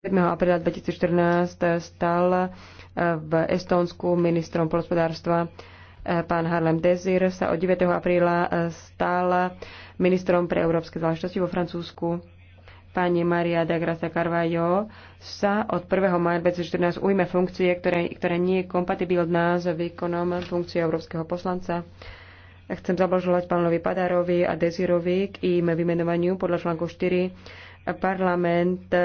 7. apríla 2014 stal eh, v Estónsku ministrom polospodárstva. Eh, pán Harlem Desir sa od 9. apríla eh, stal ministrom pre európske záležitosti vo Francúzsku. Pani Maria de Grasa Carvalho sa od 1. maja 2014 ujme funkcie, ktoré, ktoré nie je kompatibilná s výkonom funkcie európskeho poslanca. Chcem zablažovať pánovi Padarovi a Desirovi k im vymenovaniu podľa článku 4 parlament